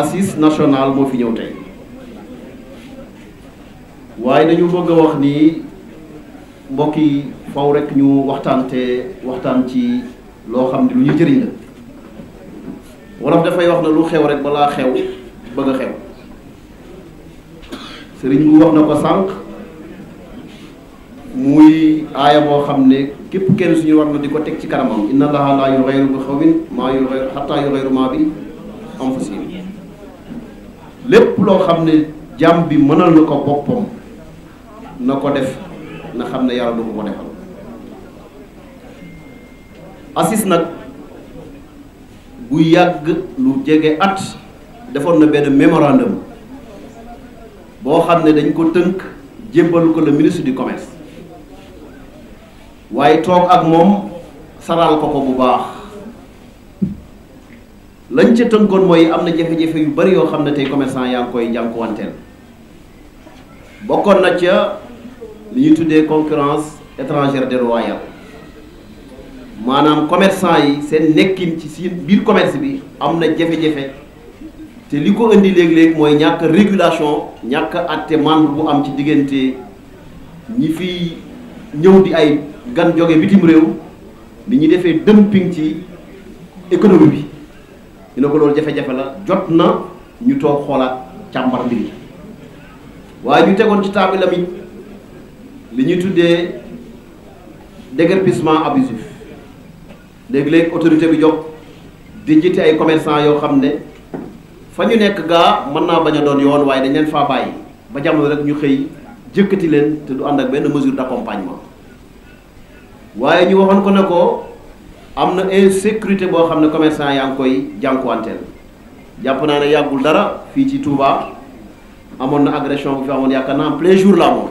assis nationale moo fi ñëw tey waaye dañu bëgg a wax ni mbokk yi faw rek ñu waxtaante waxtaan ci loo xam ne lu ñu jëriñ la wolof dafay wax na lu xew rek balaa xew bëgg a xew sëriñ bu wax na ko sànq muy aaya boo xam ne képp kenn suñu war na di ko teg ci kanamam inna allaha la yughayyiru bi qawmin ma yughayyiru hatta yughayyiru ma bi anfusihim lépp loo xam ne jàmm bi mënal na ko boppam na ko def na xam ne yàlla du ko ko defal asis nag bu yàgg lu jege at defoon na benn mémorandum boo xam ne dañ ko tënk jébbal ko le ministre du commerce waaye toog ak moom saral ko ko bu baax lañ ca tënkoon mooy am na jafe-jafe yu bari yoo xam ne tey commerçant yaa ngi koy jànkuwanteel bokkoon na ca li ñuy tuddee concurrence de déloyale maanaam commerçant yi seen nekkin ci seen biir commerce bi am na jafe-jafe te li ko indi léeg-léeg mooy ñàkk régulation ñàkk atte mandu bu am ci diggante ñi fi ñëw di ay gan joge bitim réew li ñuy defee dumping ci économie bi ñu ne ko loolu jafe-jafe la jot na ñu toog xoolaat càmbar mbir yi waaye ñu tegoon ci table amit li ñuy tuddee déguerpissement abusif léeg-léeg autorité bi jox di jiite ay commerçant yoo xam ne fa ñu nekk gaa mën naa bañ a doon yoon waaye dañ leen faa bàyyi ba jamono rek ñu xëy jëkkati leen te du ànd ak benn mesure d'accompagnement waaye ñu waxoon ko ne am na sécurité boo xam ne commerçant yaa ngi koy jànkuwanteel jàpp naa ne yàggul dara fii ci Touba amoon na agression bu fi amoon yaakaar naa en plein jour la amoon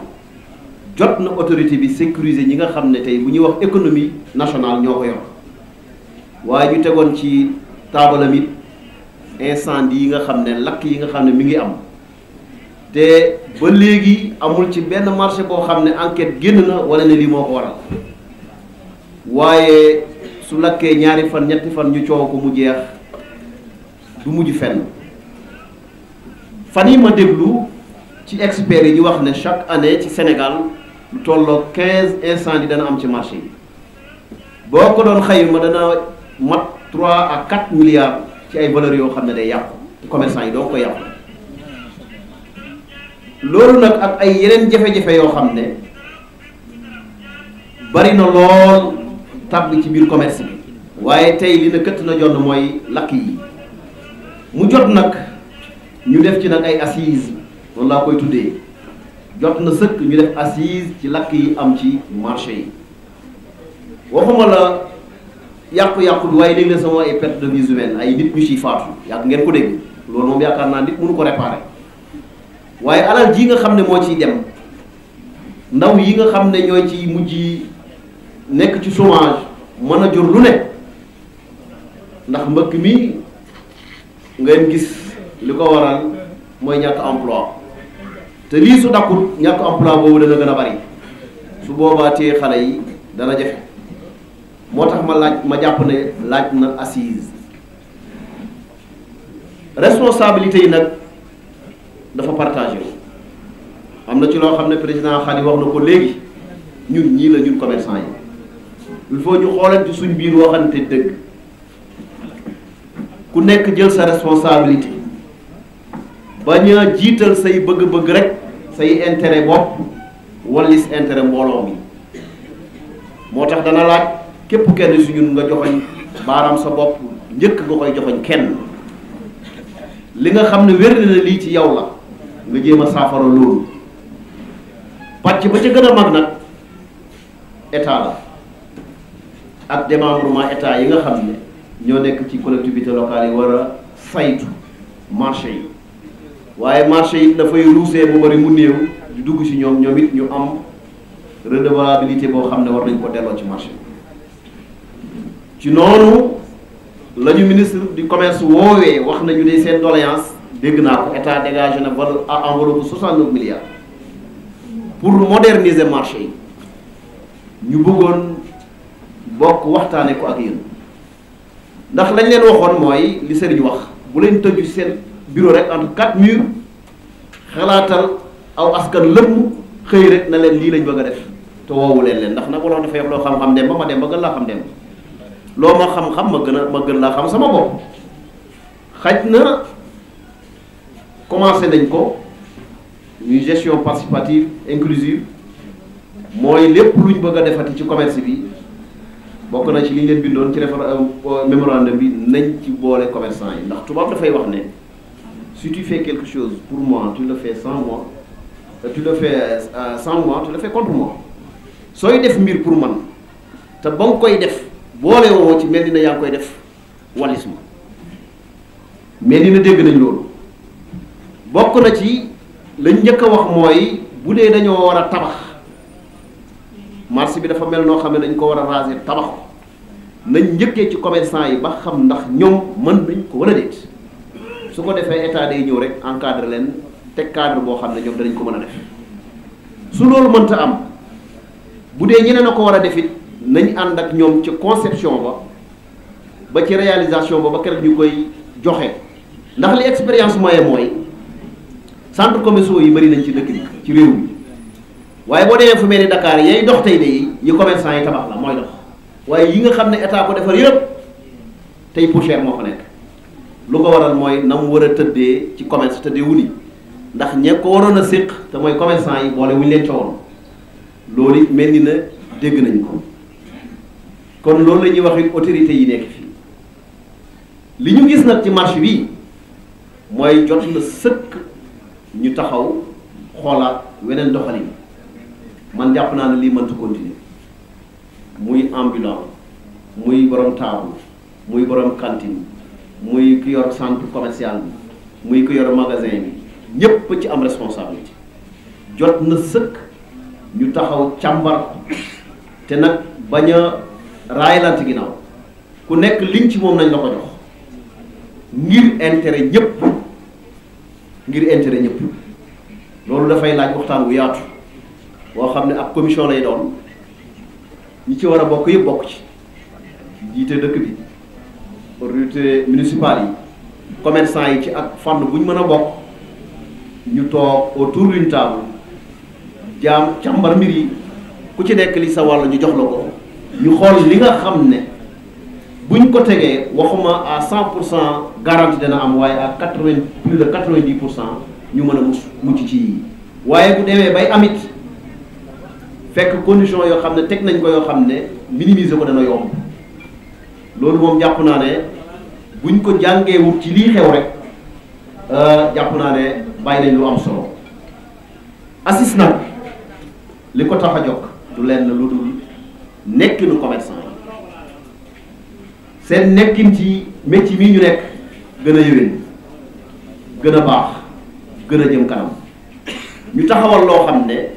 jot na autorité bi sécuriser ñi nga xam ne tey bu ñuy wax économie nationale ñoo ko yor waaye ñu tegoon ci taabalam it incendie yi nga xam ne lakk yi nga xam ne mi ngi am te ba léegi amul ci benn marché boo xam ne enquête génn na wala ne lii moo ko waral waaye. su lakkee ñaari fan ñetti fan ñu coow ko mu jeex du mujj fen fan yi ma déglu ci experts yi ñu wax ne chaque année ci Sénégal lu tolloo quinze incendies dana am ci marché yi boo ko doon xayma dana mat trois à quatre milliards ci ay valeurs yoo xam ne day yàqu commerçant yi doo ko yàqu loolu nag ak ay yeneen jafe-jafe yoo xam ne bari lool tàbb ci biir commerce bi waaye tey li na këtt na jonn mooy lakk yi mu jot nag ñu def ci nag ay assise loolu laa koy tuddee jot na sëkk ñu def assise ci lakk yi am ci marché yi waxuma la yàqu-yàqu bi waaye dégg na sama ay perte de vies humaines ay nit ñu ciy faatu yàgg ngeen ko dégg loolu moom yaakaar naa nit mënu ko réparer waaye alal ji nga xam ne moo ciy dem ndaw yi nga xam ne ñooy ci mujj nekk ci chômage mën a jur lu ne ndax mbëkk mi ngeen gis li ko waral mooy ñàkk emploi te lii su dakkul ñàkk emploi boobu la gën a bari su boobaatee téye xale yi dana jafe moo tax ma laaj ma jàpp ne laaj na assise responsabilité yi nag dafa partagé wu am na ci loo xam ne président Khady wax na ko léegi ñun ñii la ñun commerçant yi il faut ñu xoolante suñ biir waxante dëgg ku nekk jël sa responsabilité bañ a jiital say bëgg-bëgg rek say intérêt bopp wallis intérêt mbooloo mi moo tax dana laaj képp kenn si ñun nga joxoñ baaraam sa bopp njëkk nga koy joxoñ kenn li nga xam ne wér na lii ci yow la nga jéem a saafara loolu pàcc ba ca gën a mag nag état la ak démembrement état yi nga xam ne ñoo nekk ci collectivité locale yi war a saytu marché yi waaye marché yi dafay ruusee mu bari mu néew di dugg ci ñoom ñoom it ñu am redevabilité boo xam ne war nañ ko delloo ci marché ci noonu lañu ministre du commerce woowee wax nañu ne seen doléance dégg naa ko état dégagé na valeur à enveloppe bu 69 milliards pour moderniser marché yi ñu bëggoon bokk waxtaanee ko ak yéen ndax lañ leen waxoon mooy li sëriñ wax bu leen tëju seen bureau rek entre quatre murs xalaatal aw askan lëmm xëy rek na leen lii lañ bëgg a def te woowu leen leen ndax nag wala dafa yox loo xam-xam dem ba ma dem ba gën laa xam dem loo ma xam-xam ma gën a ma gën laa xam sama bopp xaj na commencé nañ ko ñuy gestion participative inclusive mooy lépp luñ bëgg a defati ci commerce bi bokk na ci li ñu leen bindoon ci référendum mémorandum bi nañ ci boole commerçant yi ndax tubaab dafay wax ne si tu fais quelque chose pour moi tu le fais sans moi euh, tu le fais euh, sans moi tu sooy def mbir pour man te ba nga koy def boole woo ci mel ni na yaa ngi koy def wallis ma mais dina dégg nañ loolu bokk na ci lañ njëkk a wax mooy bu dee dañoo war a tabax marché bi dafa mel noo xam ne dañ ko war a raser tabax ko nañ njëkkee ci commerçant yi ba xam ndax ñoom mën nañ ko war a déet su ko defee état day ñëw rek encadre leen te cadre boo xam ne ñoom danañ ko mën a def su loolu mënta am bu dee ñeneen a ko war a def it nañ ànd ak ñoom ci conception ba ba ci réalisation ba ba keroog ñu koy joxe ndax li expérience moyen mooy centre commerciaux yi bari nañ ci dëkk bi ci réew mi waaye boo demee fu mel ni Dakar yay dox tey de yi yi commerçant yi tabax la mooy dox waaye yi nga xam ne état ko defar yëpp tey pour poussière moo fa nekk lu ko waral mooy na war a tëddee ci commerce tëddee wuni ndax ñe ko waroon a séq te mooy commerçant yi boole wuñu leen coowoon loolu it mel ni na dégg nañ ko kon loolu lañuy ñuy wax it autorités yi nekk fii li ñu gis nag ci marché bi mooy jot na sëkk ñu taxaw xoolaat weneen doxalin man jàpp naa ne lii mënta continuer muy ambulant muy borom taabu muy borom cantine muy ku yor centre commercial bi muy ku yor magasin bi ñépp ci am responsabilité jot na sëkk ñu taxaw càmbar te nag bañ a raayalante ginnaaw ku nekk liñ ci moom nañ la ko jox ngir intérêt ñépp ngir intérêt ñépp loolu dafay laaj waxtaan wu yaatu boo xam ne ab commission lay doon ñi ci war a bokk yëpp bokk ci jiite dëkk bi autorité municipale yi commerçant yi ci ak fànn buñ mën a bokk ñu toog autour d'une table jaam càmbar mbir yi ku ci nekk li sa wàll ñu jox la ko ñu xool li nga xam ne buñ ko tegee waxuma à cent pour cent garantie dana am waaye à quatre-vingt plus de quatre-vingt-dix pour cent ñu mën a mucc mucc ci yi waaye bu demee bay amit fekk condition yoo xam ne teg nañ ko yoo xam ne minimiser ko dana yomb loolu moom jàpp naa ne buñ ko jàngee ci lii xew rek euh, jàpp naa ne bàyyi nañ lu am solo ACIS nag li ko taxa a jokk du lenn lu dul nekkinu commerçant seen nekkin ci métier mii ñu nekk gën a yëwén gën a baax gën a jëm kanam ñu taxawal loo xam ne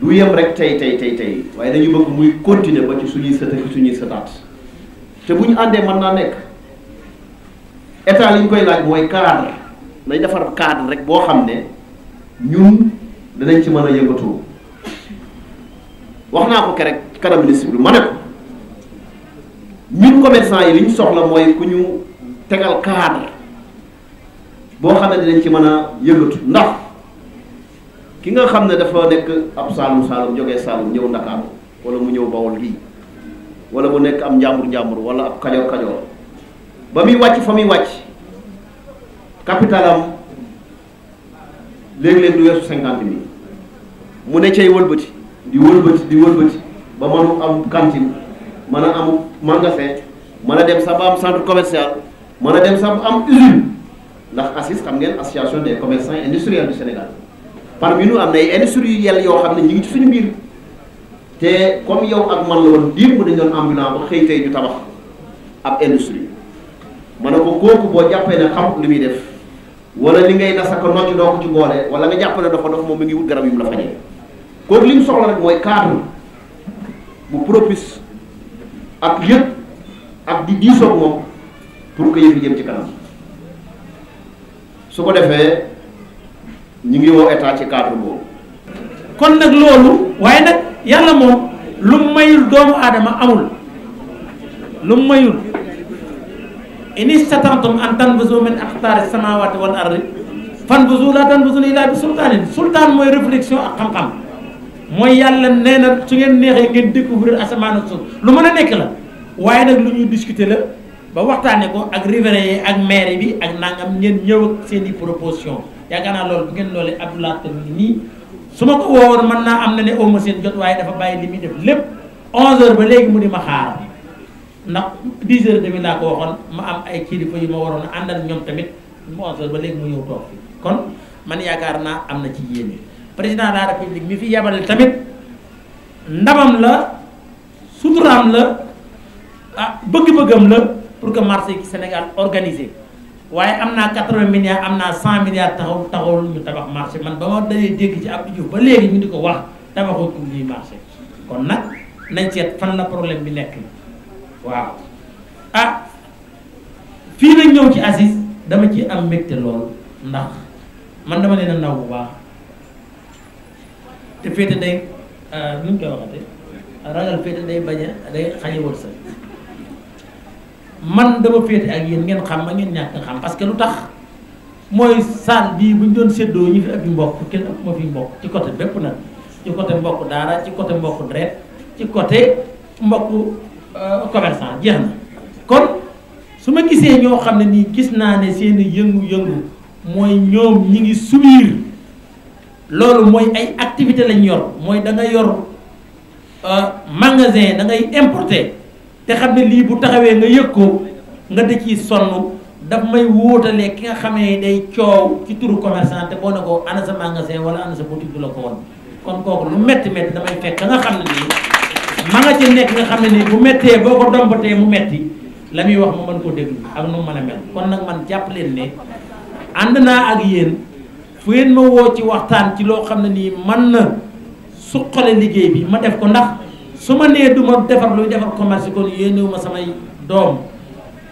du yem rek tey tey tey tey waaye dañu bëgg muy continuer ba ci suñuy sët ak suñuy sëtaat te bu ñu àndee mën naa nekk état li ñu koy laaj mooy cadre nañ defar cadre rek boo xam ne ñun danañ ci man a yëngatu wax naa ko kerek ci kanam ministre bi ma ne ko ñun commerçant yi li ñu soxla mooy ku ñu tegal cadre boo xam ne dinañ ci mën a yëngatu ndax. ki nga xam ne dafa nekk ab saalum saalum jógee saalum ñëw ndakaaru wala mu ñëw bawol lii wala mu nekk am njàmbur njàmbur wala ab kajoor kajoor ba muy wàcc fa muy wàcc capital am léegi-léeg du weesu cinquante mille mu ne cay wëlbati di wëlbati di wëlbati ba mënu am cantine mën a am magasin mën a dem sax ba am centre commercial mën a dem sax ba am usine ndax ACIS xam ngeen association des commerçants et industriels du Sénégal parmi nous am na ay industriels yoo xam ne ñu ngi ci suñu mbir te comme yow ak man la woon diir bu dañ doon ambulant ba xëy tey ñu tabax ab industrie ma ne ko kooku boo jàppee ne xamut li muy def wala li ngay nasa ko nocc doo ko ci boole wala nga jàpp ne dafa dof moom mi ngi wut garab yu mu la fañee kooku li mu soxla rek mooy cadre bu propice ak yëpp ak di diisoog moom pour que yëf jëm ci kanam su ko defee ñu ngi woo état ci cadre boobu kon nag loolu waaye nag yàlla moom lu mayul doomu aadama amul lu mayul in istatantum an tanfuzu min aqtaari samawati wal ardi fanfuzu la tanfuzuna illaa bi sultaanin sultaan mooy réflexion ak xam-xam mooy yàlla nee na su ngeen neexee ngeen découvrir asamaan ak suuf lu mën a nekk la waaye nag lu ñuy discuter la ba waxtaane ko ak riverains yi ak maire bi ak nangam ngeen ñëw ak seen i proposition yaakaar naa loolu bu ngeen loolee Abdou Lahad Ka mi nii su ma ko woowoon mën naa am na ne awma seen jot waaye dafa bàyyi li muy def lépp 11h ba léegi mu ni ma xaar ndax 10h demi laa ko waxoon ma am ay kii kilifa yu ma waroon na àndal ñoom tamit mu 11h ba léegi mu ñëw toog fii kon man yaakaar naa am na ci yéene président de la république mi fi yebale tamit ndamam la suturaam la ah bëgg-bëggam la pour que marché Sénégal organisé. waaye am naa quatre-vingts milliards am naa cent milliards taxaw taxawul ñu tabax marché man ba ma dalee dégg ci Abdou Diouf ba léegi ñu ni ko wax tabaxul ko ñuy marché kon nag nañ seet fan la problème bi nekk waaw ah fii nag ñëw ci Aziz dama ci am mbégte lool ndax man dama leen naw bu baax te féete day euh, nu koy waxate ragal féete day bañ a day xañ a man dama féete ak yéen ngeen xam ma ngeen ñàkk nga xam parce que lu tax mooy saal bii bu ñu doon séddoo ñu fi ak mbokk kenn ak ma fi mbokk ci côté bépp nag ci côté mbokk daara ci côté mbokk deret ci côté mbokk euh, commerçant jeex na kon su ma gisee ñoo xam ne nii gis naa ne seen yëngu-yëngu mooy ñoom ñi ngi subir loolu mooy ay activité lañ yor mooy da nga yor euh, magasin da ngay importer te xam ne lii bu taxawee nga yëg ko nga da ciy sonn daf may wóotalee ki nga xamee day coow ci turu commerçant te boo ne ko ana sa magasin wala ana sa boutique la ko woon kon kooku lu metti metti damay fekk nga xam ne nii ma nga ci nekk nga xam ne nii bu mettee boo ko dompatee mu metti la muy wax mu mën ko déglu ak nu mën a mel kon nag man jàpp leen ne ànd naa ak yéen fu yéen ma woo ci waxtaan ci loo xam ne nii man na suqale liggéey bi ma def ko ndax su ma nee du ma defar luy defar commerce kon yéenewu ma samay doom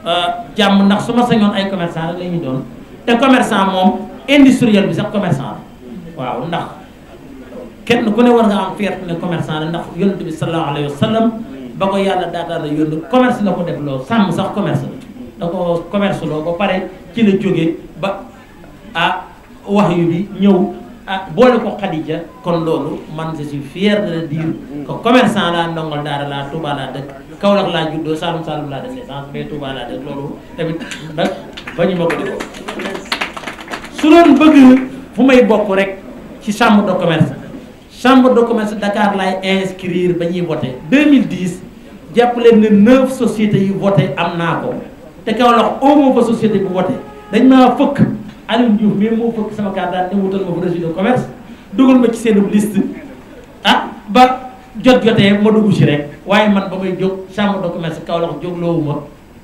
euh, jàmm ndax su ma sañoon ay commerçant rek la doon te commerçant moom industriel bi sax commerçant la waaw ndax kenn ku ne war nga am fierté ne commerçant la ndax yonent bi sallallahu alayhi wa sallam ba ko yàlla daataa la yónni commerce la ko def loo sàmm sax commerce la da ko commerce loo ba pare ci la jógee ba ah wax yu bi ñëw ah boole ko Khadija kon loolu man je suis fier de le dire que commerçant laa ndongol daara laa Touba laa dëkk laa juddoo Saloum Saloum laa dese sens mais Touba laa ma ko di ko su doon bëgg fu may bokk rek ci chambre de commerce chambre de commerce Dakar laay inscrire ba ñuy voté 2010 jàpp leen ne neuf sociétés yu voté am naa ko te Kaolack amoo fa société bu voté dañ maa fëkk. Alioune Diouf mii moo fëkk sama carte daal te wutal ma fa ma ci seen liste ah ba jot jotee ma dugg waaye man ba may jóg chambre de commerce Kaolack jógloowu ma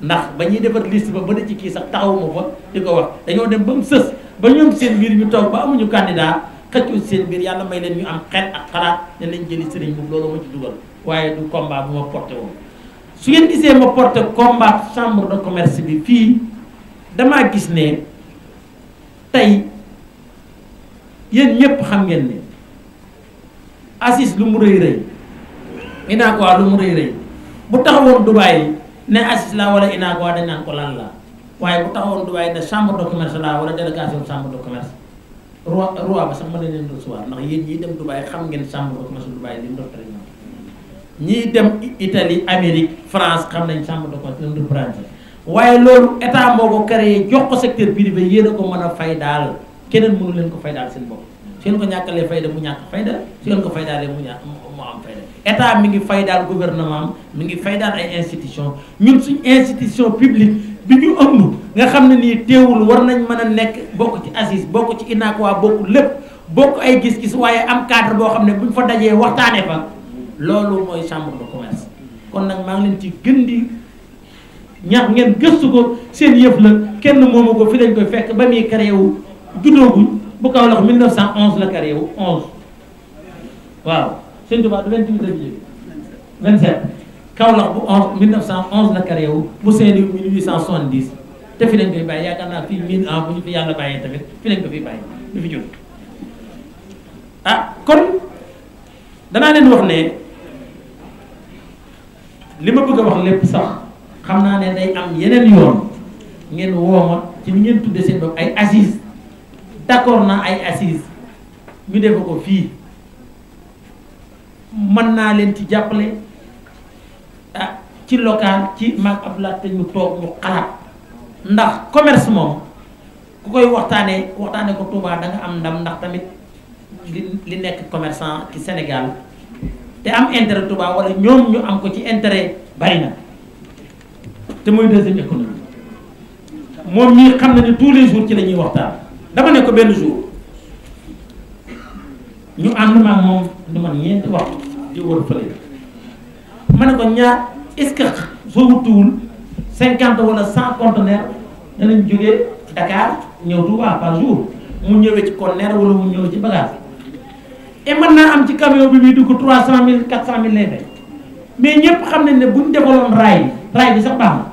ndax ba defar liste ba ba da ci kii sax taxawuma fa di ko wax dañoo dem ba mu sës ba seen biir ñu toog ba amuñu candidat xëccoo seen biir yàlla may leen ñu am xel ak xalaat ne lañ jëli sëriñ boobu loolu ma ci dugal waaye du combat bu su ngeen gisee ma porté combat chambre de commerce bi fii damaa gis ne tey yéen ñëpp xam ngeen ni Aziz lu mu rëy rëy Inaakoa lu mu rëy rëy bu taxawoon Dubaay ne Aziz la wala Inaakoa dañ naan ko lan la waaye bu taxawoon Dubaay ne chambre de commerce la wala délégation chambre de commerce roi roi ba sax mën na leen recevoir ndax yéen ñii dem Dubaay xam ngeen chambre de commerce Dubaay li mu doon traité ñii dem Italie Amérique France xam nañ chambre de commerce leen représenter waaye loolu état moo ko créé jox ko secteur privé yéen a ko mën a fay daal keneen mënu leen ko fay seen bopp su ngeen ko ñàkkalee fayda mu ñàkk fayda su ngeen ko faydaalee mu ñàkk mu am fayda état mi ngi fay daal gouvernement am mi ngi fay daal ay institution ñun suñ institution publique bi ñu ëmb nga xam ne nii teewul war nañ mën a nekk bokk ci ACIS bokk ci UNACOIS bokk lépp bokk ay gis-gis waaye am cadre boo xam ne buñ fa dajee waxtaanee fa loolu mooy chambre de commerce kon nag maa ci ñaax ngeen gëstu ko seen yëf la kenn moomu ko fi lañ koy fekk ba muy créé wu juddooguñ bu kaw lax 1911 la créé wu 11 waaw sëñ Tuubaa du 28 la jóge 27 Kaolack bu 11 1911 la créé wu bu seeni 1870 te fi lañ koy bàyyi yaakaar naa fii 1000 ans bu ñu fi yàlla bàyyee tamit fi lañ ko fi bàyyi du fi jóg ah kon danaa leen wax ne li ma bëgg wax lépp sax xam naa ne day am yeneen yoon ngeen woo ci li ngeen tudde seen bopp ay assise d'accord naa ay assises ñu defe ko fii mën naa leen ci jàppale ah ci local ci mag Abdoulaye te ñu toog ñu xalaat ndax commerce moom ku koy waxtaanee waxtaanee ko Touba da am ndam ndax tamit li li nekk commerçant ci Sénégal te am intérêt Touba wala ñoom ñu am ko ci intérêt bari na. te mooy deuxième économie moom ñii xam na ne tous les jours ci lañuy ñuy waxtaan dama ne ko benn jour ñu ànd maag moom du man ñeenti wax di wër fële ma ne ko ñaar est-ce que soo wutuwul cinquante wala cent conteneurs danañ jógee Dakar ñëw Touba par jour mu ñëwee ci conteneur wala mu ñëwee ci bagage et mën naa am ci camion bi muy dugg trois cent mille quatre cent mille lay fay mais ñëpp xam nañ ne buñ defaloon raay raay bi sax baax na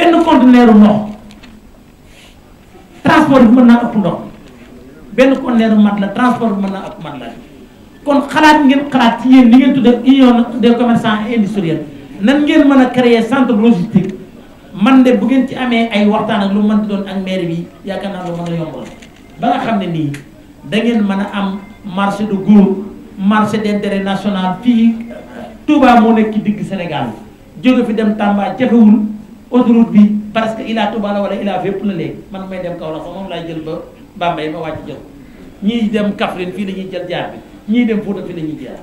benn conteneur ndox transport bi mën naa ëpp ndox benn conteneur mat la transport bi mën naa ëpp mat la kon xalaat ngeen xalaat ci yéen li ngeen def union de commerçants et industriels nan ngeen mën a créer centre logistique man de bu ngeen ci amee ay waxtaan ak lu mën doon ak maire bi yaakaar naa lu mën a yombal ba nga xam ne nii dangeen ngeen mën a am marché de góor marché d'intérêt national fii Touba moo nekk ci digg Sénégal jóge fi dem Tamba jafewul autoroute bi parce que ilaa Touba la wala ilaa fépp la léegi man may dem la sax moom laay jël ba Bambey ma wàcc jël ñii dem Kaffrine fii la ñuy jël jaar bi ñii dem Fouta fii la ñuy jaar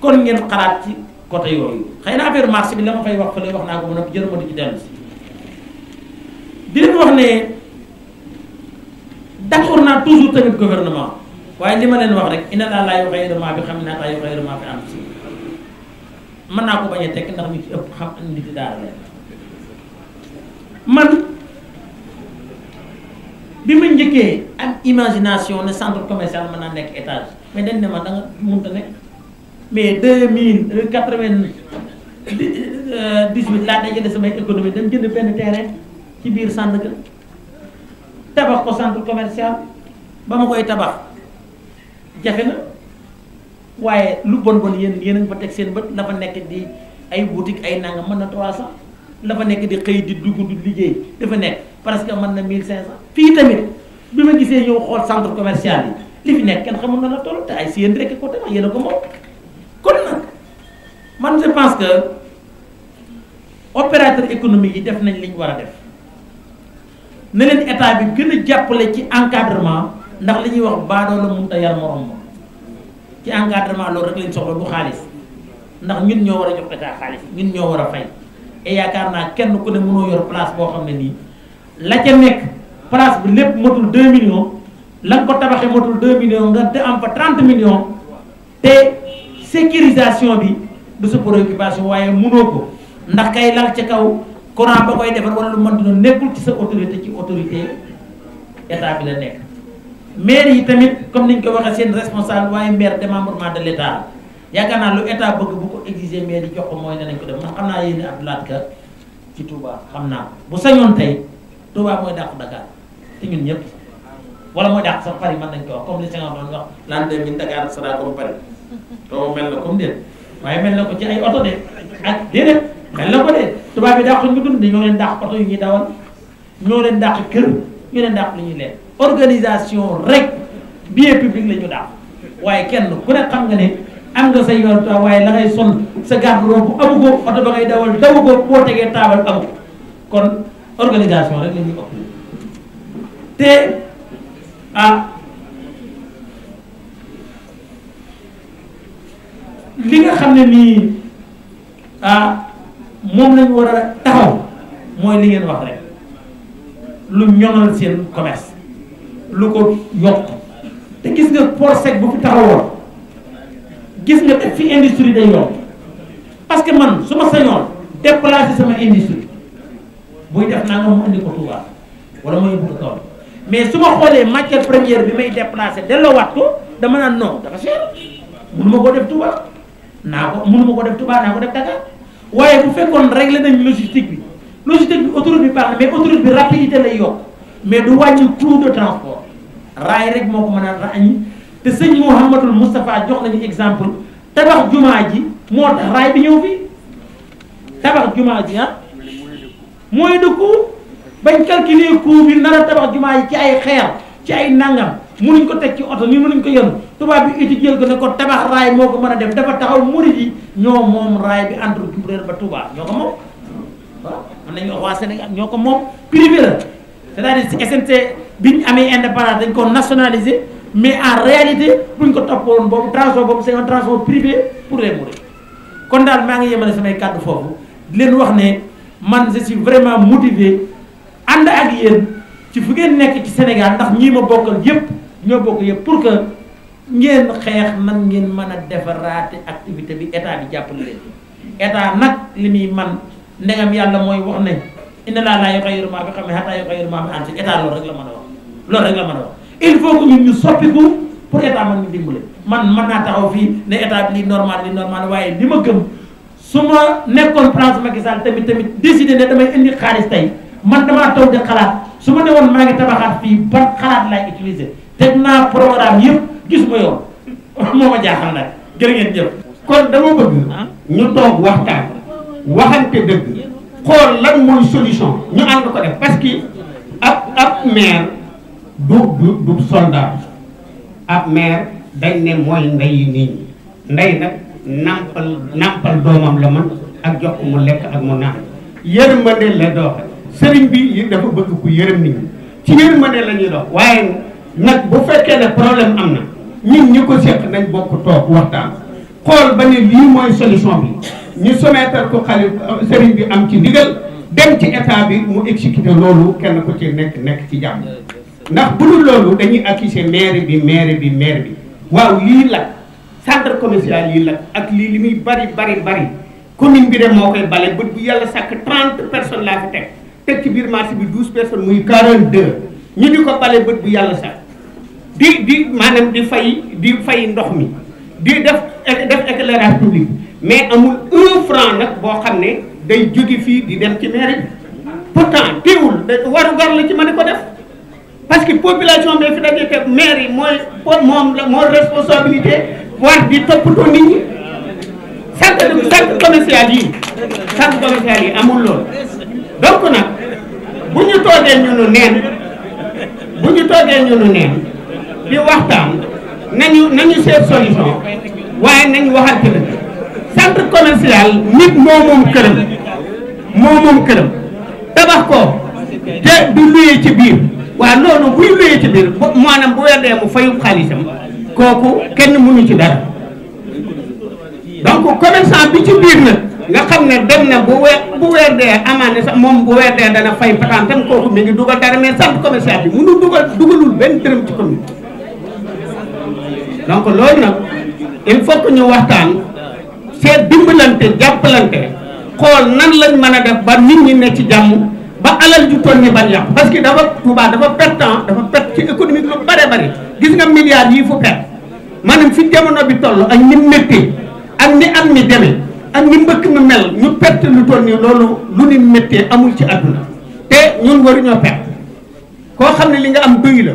kon ngeen xalaat ci côté yooyu xëy na affaire marché bi la ma fay wax fële wax naa ko mën a jël ma di ci dellu si di leen wax ne d'accord naa toujours tamit gouvernement waaye li ma leen wax rek ina laa laa yoxee rement bi xam naa taa yoxee rement bi mën naa ko bañ tekk ndax ñu ci ëpp xam nit yi daal man bi ma njëkkee ak imagination ne centre commercial mën naa nekk étage mais dañ ne ma da nga ta a nekk mais deux mille quatre vingt dix huit laa dajale samay économie dañ jënd benn terrain ci biir Sandaga tabax ko centre commercial ba ma koy tabax jafe na waaye lu bon bon yéen yéen a fa teg seen bët la fa nekk di ay boutique ay nangam mën na trois cent la fa nekk di xëy di dugg di liggéey dafa nekk que mën na 1500 fii tamit bi ma gisee ñëw xool centre commercial yi li fi nekk kenn xamul na la toll te ay seen rek ko tabax yéen a ko moom kon nag man je pense que opérateur économique yi def nañ li ñu war a def ne leen état bi gën a jàppale ci encadrement ndax li ñuy wax baadoo la mënut a yar morom ma ci encadrement loolu rek leen soxla du xaalis ndax ñun ñoo war a jox état xaalis ñun ñoo war a fay. yaakaar naa kenn ku ne mënoo yor place boo xam ne nii la ca nekk place bi lépp motul 2 millions la ko tabaxee motul 2 millions nga te am fa 30 millions te sécurisation bi du sa préoccupation waaye mënoo ko ndax kay lal ca kaw courant ba koy defar wala lu mën dina nekkul ci sa autorité ci autorité état bi la nekk maire yi tamit comme niñ ko waxee seen responsable waaye maire démembrement de l' état yaakaar naa lu état bëgg bu ko exiger mais di jox ko mooy danañ ko def man xam naa yéen Abdou Lahad Ka ci Touba xam naa bu sañoon tey Touba mooy dàq Dakar te ñun ñëpp wala mooy dàq sax Paris mën nañ ko wax comme li Senghor doon wax l'an 2000 Dakar sera comme Paris to waaye mel na ko ci ay oto de ak déedéet mel na ko de tubaab bi dàquñ ko dund ñoo leen dàq oto yu ñuy dawal ñoo leen dàq kër ñoo leen dàq lu ñuy leen organisation rek bi public la ñu dàq waaye kenn ku ne xam nga ne am nga sa yor ta waaye la ngay sol sa garde bu amu ko oto ba ngay dawal dawu ko boo tegee taabal amu ko kon organisation rek la ñuy ëpp te ah, li nga xam ne nii ah moom lañ war a taxaw mooy li ngeen wax rek lu ñoŋal seen commerce lu ko yokk te gis nga port sec bu fi taxawoon gis nga fi industrie day yomb parce que man su ma sañoon déplacer sama industrie buy def naa nga mu indi ko Touba wala ma yóbbu ko Kaolack mais su ma xoolee matière première bi may déplacer delloowaat ko dama naan non dafa cher mënu ma koo def Touba naa ko mënu ma koo def Touba naa ko def Dakar waaye bu fekkoon réglé nañ logistique bi logistique bi autoroute bi baax mais autoroute bi rapidité lay yokk mais du wàññi coût de transport raay rek moo ko mën a ràññi. te sëñ Mouhamadul Moustapha jox nañu exemple tabax jumaa ji moo tax raay bi ñëw fi tabax jumaa ji ah mooy dëkku bañ calculer coût bi nar tabax jumaa yi ci ay xeer ci ay nangam mënuñ ko teg ci oto ni mënuñ ko yenu tubaa bi étudier ko ne ko tabax raay moo ko mën a def dafa taxaw murid yi ñoo moom raay bi entre Diourbel ba Touba ñoo ko moom waaw mën nañu wax waa Sénégal ñoo ko moom privé la c'est-à-dire si SNC amee indépendance dañ ko nationalisé mais en réalité buñ ko toppoon boobu transport boobu c'est un transport privé pour les mourides kon daal maa ngi yemale samay kàddu foofu di leen wax ne man je suis vraiment motivé ànd ak yéen ci fu ngeen nekk ci Sénégal ndax ñii ma bokkal yépp ñoo bokk yépp pour que ngeen xeex nan ngeen mën a defaraate activité bi état bi jàppale leen état nag li muy man ndegam yàlla mooy wax ne inna laa naa yuxayyiru maa bi qawmin hattaa yuxayyiru maa bi anfusihim état loolu rek la a wax mën il faut que ñun ñu soppiku pour état man ñu dimbale man mën naa taxaw fii ne état bi li normal li normal waaye li ma gëm su ma nekkoon place Macky Sall tamit tamit décidé ne damay indi xaalis tey man damaa toog di xalaat su ma ne woon maa ngi tabaxaat fii ban xalaat laay utiliser teg naa programme yëpp gis ma yoon moo ma jaaxal nag jërë ngeen jëf. kon dama bëgg ñu toog waxtaan waxante dëgg xool lan mooy solution ñu ànd ko def parce que ab ab du du du soldat ab maire dañ ne mooy ndeyu nit ñi ndey nag nampal nampal doomam la man ak jox ko mu lekk ak mu naan yërmande la doxe sëriñ bi yi dafa bëgg ku yërëm nit ñi ci yërmande la ñuy dox waaye nag bu fekkee ne problème am na ñun ñi ko seq nañ bokk toog waxtaan xool ba ne lii mooy solution bi ñu soumettre ko xalif sëriñ bi am ci ndigal dem ci état bi mu exécuter loolu kenn ku ci nekk nekk ci jàmm ndax bu dul loolu dañuy accuser maire bi maire bi maire bi waaw lii lakk centre commercial yi lakk ak lii li muy bari bari bari commune bi de moo koy bale bët bu yàlla sàkk trente personne laa fi teg teg ci biir marché bi douze personnes muy quarante deux ñu di ko bale bët bu yàlla sàkk di di maanaam di fay di fay ndox mi di def def éclairage public mais amul un franc nag boo xam ne day jóge fii di dem ci maire bi pourtant teewul waru gar la ci mën a ko def parce que population bi fi dajee te maire yi mooy moom la moo responsabilité war di toppatoo nit ñi centre centre commercial yi centre commercial yi amul loolu donc nag bu ñu toogee ñu neen bu ñu toogee ñu neen di waxtaan nañu nañu seet solution waaye nañu waxante la centre commercial nit moo moom këram moo moom këram tabax ko te du luyee ci biir waaw loolu buy wéyee ci biir maanaam bu weer dee mu fayub xaalisam kooku kenn mënu ci dara donc commerçant bi ci biir na nga xam ne dem ne bu weer bu weer dee amaane sax moom bu weer dee dana fay patantam kooku mi ngi dugal dara mais sant commerçant bi mënul dugal dugalul benn dërëm ci commune donc loolu nag il faut que ñu waxtaan seet dimbalante jàppalante xool nan lañ mën a def ba nit ñi ne ci jàmm ba alal ju toll ni ban yàqu parce que dafa Touba dafa perte temps dafa perte ci économique lu bare bare gis nga milliards yii fu perte maanaam fi jamono bi toll ak ni métti ak ni at mi demee ak ni mbëkk mi mel ñu perte lu toll nii loolu lu ni méttee amul ci àdduna te ñun waruñoo perte koo xam ne li nga am doy la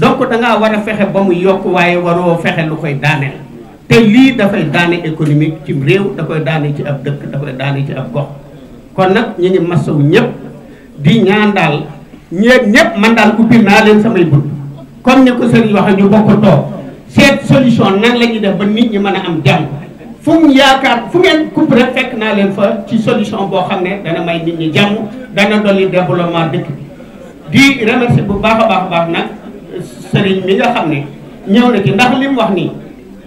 donc danga war a fexe ba mu yokk waaye waroo fexe lu koy daaneel te lii dafay daane économique ci réew da koy daane ci ab dëkk da koy daane ci ab gox kon nag ñu ñëpp. di ñaan daal ñeeg ñëpp man daal ubbil naa leen samay bunt comme ne ko sëriñ waxe ñu bokk toog seet solution nan la ñuy def ba nit ñi mën a am jàmm fu mu yaakaar fu ngeen coupe rek fekk naa leen fa ci solution boo xam ne dana may nit ñi jàmm dana dolli développement dëkk bi di remercier bu baax a baax a baax nag sëriñ mi nga xam ne ñëw na ci ndax li mu wax nii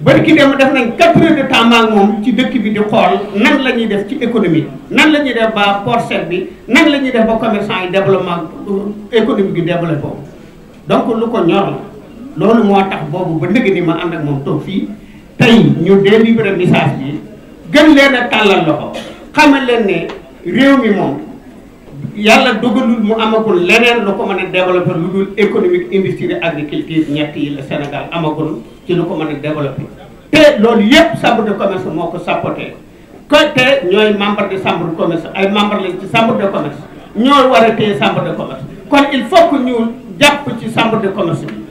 bari ki dem def nañ quatre heures de temps moom ci dëkk bi di xool nan la ñuy def ci économie nan la ñuy def ba port sec bi nan la ñuy def ba commerçant yi développement euh, économie bi développé donc lu ko ñor la loolu moo tax boobu ba ndëgg ni ma ànd ak moom toog fii tey ñu délivrer message bi gën leen a tàllal loxo xamal leen ne réew mi moom yàlla dogalul mu amagul leneen lu ko mën a développé lu dul économique industrie agriculture ñett yi la Sénégal amagul ci lu ko mën a développé te loolu yépp chambre de commerce moo ko sapotee ko te ñooy membre de chambre de commerce ay membre lañ ci chambre de commerce ñoo war a téye chambre de commerce kon il faut que ñu jàpp ci chambre de commerce bi